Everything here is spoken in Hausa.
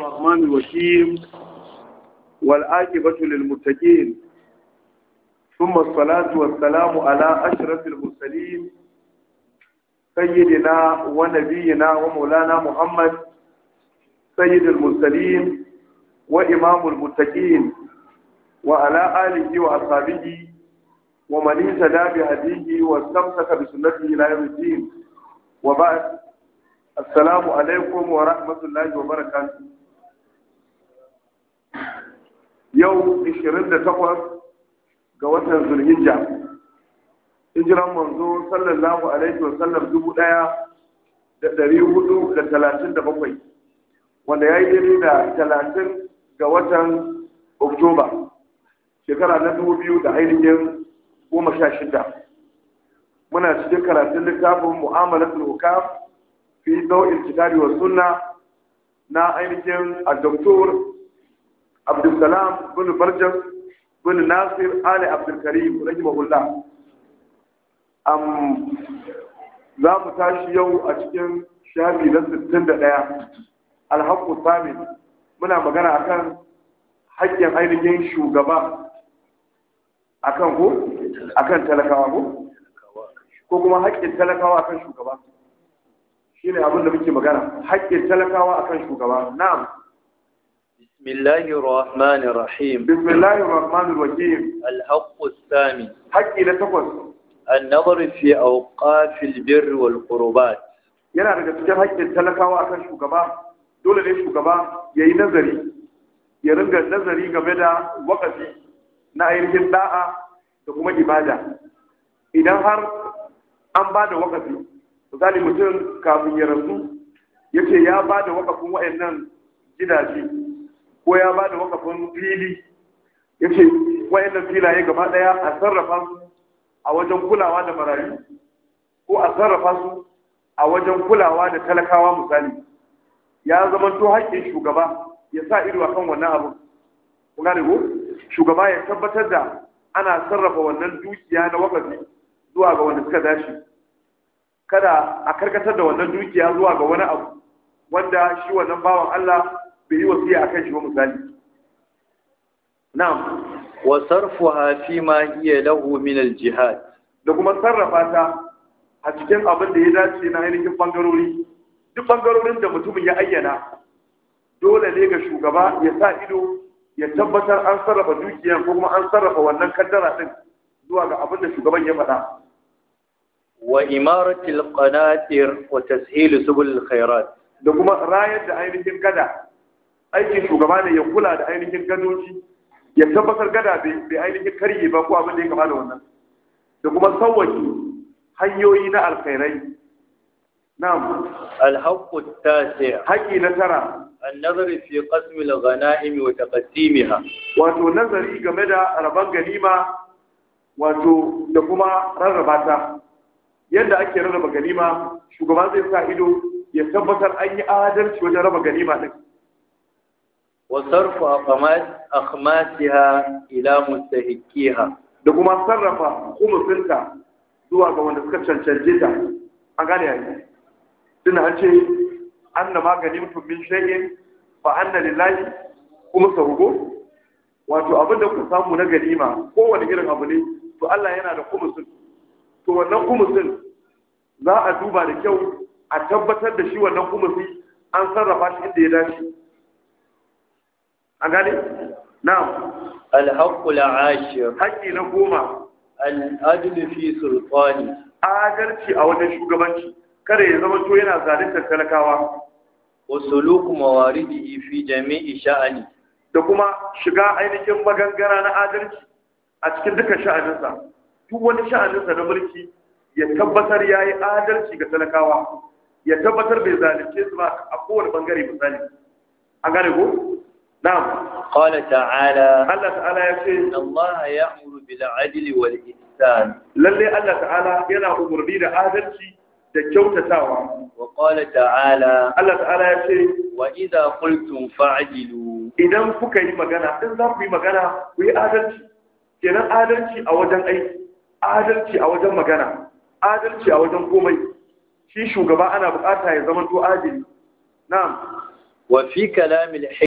الرحمن الرحيم والآكبة للمتقين ثم الصلاة والسلام على أشرف المرسلين سيدنا ونبينا ومولانا محمد سيد المرسلين وإمام المتقين وعلى آله وأصحابه ومن اهتدى بهديه واستمسك بسنته إلى يوم الدين وبعد السلام عليكم ورحمة الله وبركاته yau 28 ga watan zulhijja injiran manzo sallallahu alaihi wasallam dubu daya da dari hudu da talatin da bakwai wanda ya yi daidai da talatin ga watan oktoba shekara na dubu biyu da ainihin goma sha shida muna cikin karatun littafin mu'amalar hukam fi nau'in kitabi wa sunna na ainihin a doktor abdulsalam bin barjan bin nasir ali abdulkarim rahimahullah am za mu tashi yau a cikin shafi na 61 alhaqqu samin muna magana akan haƙƙin ainihin shugaba akan ko akan talakawa ko ko kuma haƙƙin talakawa akan shugaba shine abin da muke magana haƙƙin talakawa akan shugaba na'am بسم الله الرحمن الرحيم بسم الله الرحمن الرحيم الحق الثامن حق إلى تقوى النظر في أوقاف البر yana daga cikin haƙƙin talakawa akan shugaba dole ne shugaba ya yi nazari ya ringa nazari game da wakafi na ainihin da'a da kuma ibada idan har an ba da wakafi misali mutum kafin ya rasu ya ce ya ba da wakafin wa'annan gidaje ko ya ba da wakafin fili ya ce wayannan filaye gaba ɗaya a sarrafa su a wajen kulawa da marayu ko a sarrafa su a wajen kulawa da talakawa misali ya zama to haƙƙin shugaba ya sa ido akan wannan abu Ku gane ko shugaba ya tabbatar da ana sarrafa wannan dukiya na wakafi zuwa ga wanda suka dace kada a karkatar da wannan dukiya zuwa ga wani abu wanda shi wannan bawan Allah bai yi wasiya akan shi ba misali na'am wa sarfuha fi ma hiya lahu min al-jihad da kuma sarrafa ta a cikin abin da ya dace na ainihin bangarori duk bangarorin da mutumin ya ayyana dole ne ga shugaba ya sa ido ya tabbatar an sarrafa dukiyar ko kuma an sarrafa wannan kaddara din zuwa ga abin da shugaban ya faɗa wa imaratil qanatir wa tashil subul khairat da kuma rayar da ainihin gada aikin shugaba ne ya kula da ainihin gadoji ya tabbatar gada bai ainihin karye ba ko abin da ya kama da wannan da kuma sauwaki hanyoyi na alkhairai na'am alhaqqu tasi haƙi na tara annazari fi qasmi al-ghanaim wa taqsimiha wato nazari game da rabon ganima wato da kuma rarraba ta yadda ake rarraba ganima shugaba zai sa ido ya tabbatar an yi adalci wajen raba ganima din وصرف أخماس أخماسها إلى مستحقيها da kuma sarrafa kumufinta zuwa ga wanda suka cancance ta an gane yayi tunda an ce na maganin mutum min shay'in fa anna lillahi kuma sahugo wato abin da ku samu na ganima kowane irin abu ne to Allah yana da kumusin to wannan kumusin za a duba da kyau a tabbatar da shi wannan kumusi an sarrafa shi inda ya dace an na'am al-haqqul ashir haƙƙi na goma al fi sultani adalci a wajen shugabanci kada ya zama to yana zaluntar talakawa wa suluku mawaridihi fi jami'i sha'ani da kuma shiga ainihin magangara na adalci a cikin dukkan sha'aninsa duk wani sha'aninsa na mulki ya tabbatar ya yi adalci ga talakawa ya tabbatar bai zalunce su ba a kowane bangare misali an gane ko نعم قال تعالى الله تعالى يقول الله يأمر بالعدل والإحسان للي الله تعالى يلا أمر بي لعادل تكوتتاوا وقال تعالى الله تعالى يقول وإذا قلتم فاعدلوا idan kuka magana in za ku yi magana ku adalci kenan adalci a wajen aiki adalci a wajen magana adalci a wajen komai shi shugaba ana bukata ya zama to adili na'am wa fi